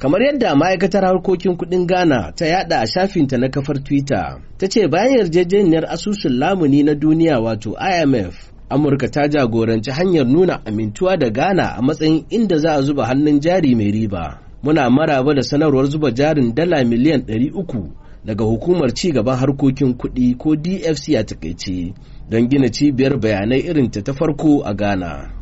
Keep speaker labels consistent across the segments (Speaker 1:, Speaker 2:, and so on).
Speaker 1: Kamar yadda ma'aikatar harkokin kuɗin Ghana ta yada a shafinta na kafar Twitter, ta ce bayan yarjejeniyar asusun lamuni na duniya wato IMF, Amurka ta jagoranci hanyar nuna amintuwa da Ghana a matsayin inda za a zuba hannun jari mai riba. Muna maraba da sanarwar zuba jarin dala miliyan ɗari uku daga hukumar ci gaban harkokin kuɗi ko DFC a takaice don gina cibiyar bayanai irinta ta farko a Ghana.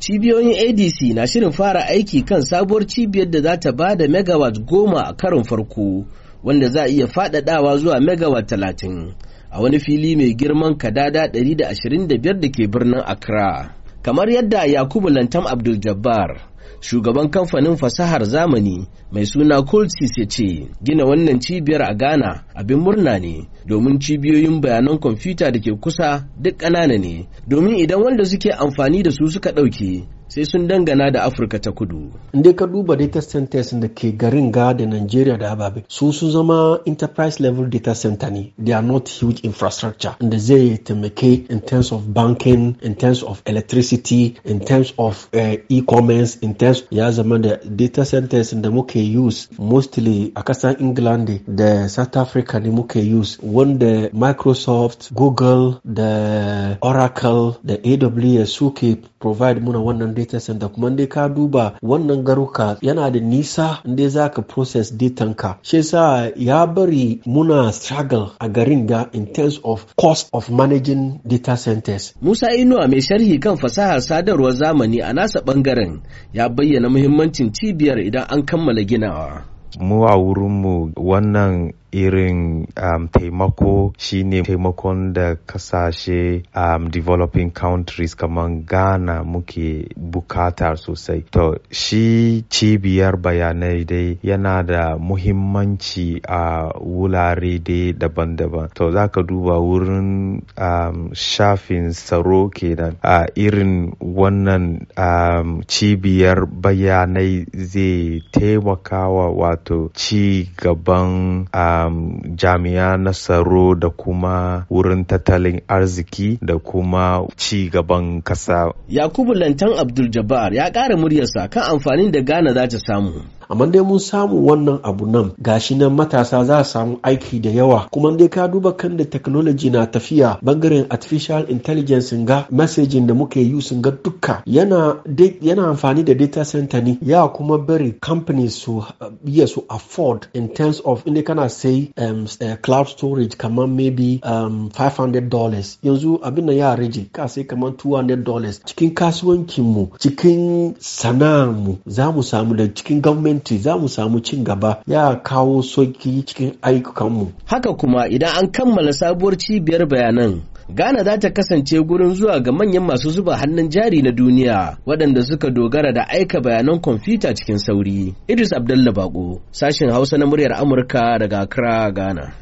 Speaker 1: cibiyoyin adc na shirin fara aiki kan sabuwar cibiyar da za ta ba da megawatt goma a karin farko wanda za a iya faɗaɗawa zuwa megawatt talatin a wani fili mai girman kadada 125 da ke birnin accra kamar yadda yakubu lantam abdul jabbar shugaban kamfanin fasahar zamani mai suna coltis ya ce gina wannan cibiyar a ghana abin murna ne domin cibiyoyin bayanan kwamfuta da ke kusa duk ƙanana ne domin idan wanda suke amfani da su suka ɗauke sai sun dangana da afirka ta kudu
Speaker 2: inda ka duba data centers da ke garin ga da nigeria da ababe su sun zama enterprise level data center ne they are not huge infrastructure inda zai taimake in terms of banking in terms of electricity in terms of uh, e-commerce in terms ya zama da data centers da muke use mostly a kasar england da south africa ne muke use wanda microsoft google da oracle da aws suke provide muna wannan data center kuma dai ka duba wannan garuka yana da nisa dai za ka process datan ka shi sa ya bari muna struggle a garin ga in terms of cost of managing data centers
Speaker 1: Musa Inuwa mai sharhi kan fasahar sadarwar zamani a nasa bangaren ya bayyana muhimmancin cibiyar idan an kammala ginawa
Speaker 3: mu a wurinmu wannan irin um, taimako shine taimakon da kasashe um, developing countries kamar ghana muke bukata sosai to shi cibiyar bayanai dai yana da muhimmanci a uh, wulare dai daban-daban to za ka duba wurin um, shafin tsaro kenan a uh, irin wannan um, cibiyar bayanai zai taimakawa wato ci gaban um, um, jami'a na tsaro da kuma wurin tattalin arziki da kuma ci gaban kasa.
Speaker 2: Yakubu Lantan Abdul Jabbar ya ƙara muryarsa kan amfanin da Ghana za ta samu. amma dai mun samu wannan abu nan gashi nan matasa za su samu aiki da yawa kuma dai ka duba kan da technology na tafiya bangaren artificial intelligence ga messaging da muke yi sun ga dukka yana yana amfani da data center ne ya kuma bari companies su uh, iya su afford in terms of inda kana say um, uh, cloud storage kamar maybe um, 500 dollars yanzu abin na ya rage ka sai kamar 200 dollars cikin kasuwancinmu cikin sana'armu za mu samu da cikin government country za mu samu cin gaba ya kawo sauki cikin ayyukanmu haka kuma idan an kammala
Speaker 1: sabuwar cibiyar bayanan Ghana za ta kasance gurin zuwa ga manyan masu zuba hannun jari na duniya waɗanda suka dogara da aika bayanan kwamfuta cikin sauri. Idris Abdullah Bako, sashin Hausa na muryar Amurka daga Accra, Ghana.